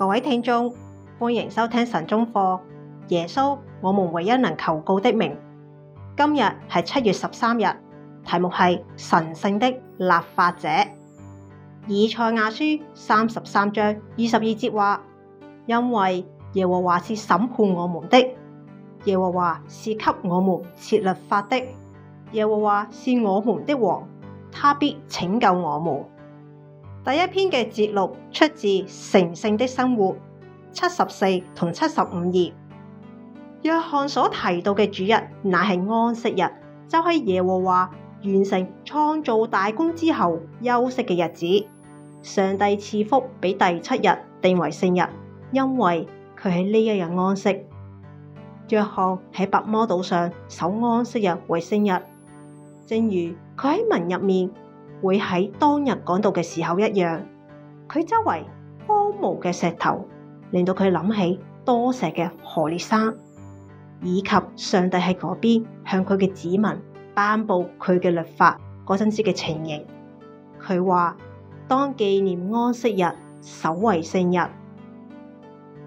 各位聽眾，歡迎收聽晨鐘課。耶穌，我們唯一能求告的名。今日係七月十三日，題目係神聖的立法者。以賽亞書三十三章二十二節話：因為耶和華是審判我們的，耶和華是給我們設律法的，耶和華是我們的王，他必拯救我們。第一篇嘅節錄出自《成聖的生活》74和75，七十四同七十五頁，約翰所提到嘅主日，乃係安息日，就係、是、耶和華完成創造大功之後休息嘅日子。上帝賜福俾第七日定為聖日，因為佢喺呢一日安息。約翰喺白摩島上守安息日為聖日，正如佢喺文入面。會喺當日趕到嘅時候一樣，佢周圍荒蕪嘅石頭令到佢諗起多石嘅何烈山，以及上帝喺嗰邊向佢嘅子民頒布佢嘅律法嗰陣時嘅情形。佢話當紀念安息日，守為聖日，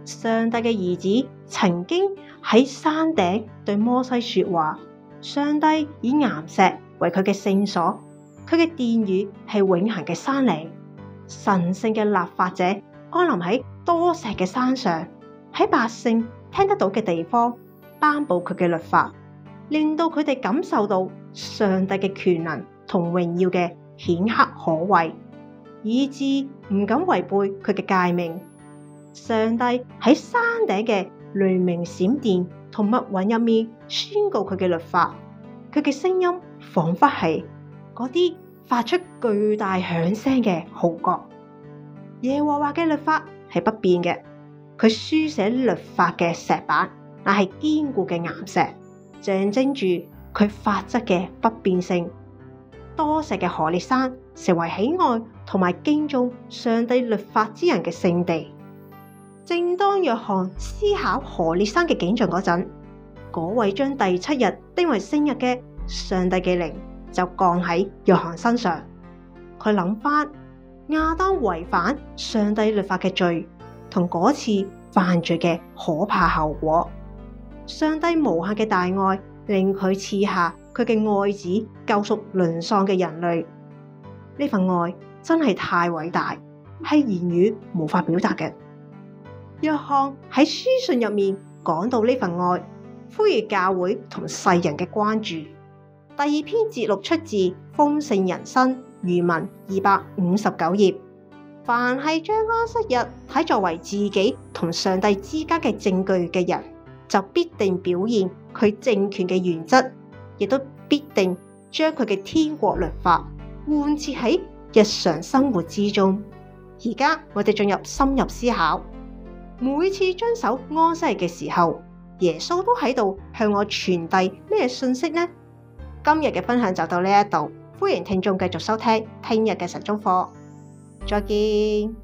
上帝嘅兒子曾經喺山頂對摩西說話，上帝以岩石為佢嘅聖所。」佢嘅殿宇係永恆嘅山嶺，神聖嘅立法者安臨喺多石嘅山上，喺百姓聽得到嘅地方頒布佢嘅律法，令到佢哋感受到上帝嘅權能同榮耀嘅顯赫可畏，以致唔敢違背佢嘅誡命。上帝喺山頂嘅雷鳴閃電同密雲入面宣告佢嘅律法，佢嘅聲音仿佛係。嗰啲發出巨大響聲嘅號角，耶和華嘅律法係不變嘅。佢書寫律法嘅石板，乃係堅固嘅岩石，象徵住佢法則嘅不變性。多石嘅何烈山成為喜愛同埋敬重上帝律法之人嘅聖地。正當約翰思考何烈山嘅景象嗰陣，嗰位將第七日定為聖日嘅上帝嘅靈。就降喺約翰身上，佢諗翻亞當違反上帝律法嘅罪同嗰次犯罪嘅可怕後果，上帝無限嘅大愛令佢賜下佢嘅愛子救贖淪喪嘅人類，呢份愛真係太偉大，係言語無法表達嘅。約翰喺書信入面講到呢份愛，呼籲教會同世人嘅關注。第二篇節錄出自《豐盛人生》余文二百五十九頁。凡係將安息日睇作為自己同上帝之間嘅證據嘅人，就必定表現佢政權嘅原則，亦都必定將佢嘅天國律法貫徹喺日常生活之中。而家我哋進入深入思考，每次遵守安息日嘅時候，耶穌都喺度向我傳遞咩信息呢？今日嘅分享就到呢一度，歡迎聽眾繼續收聽聽日嘅晨鐘課，再見。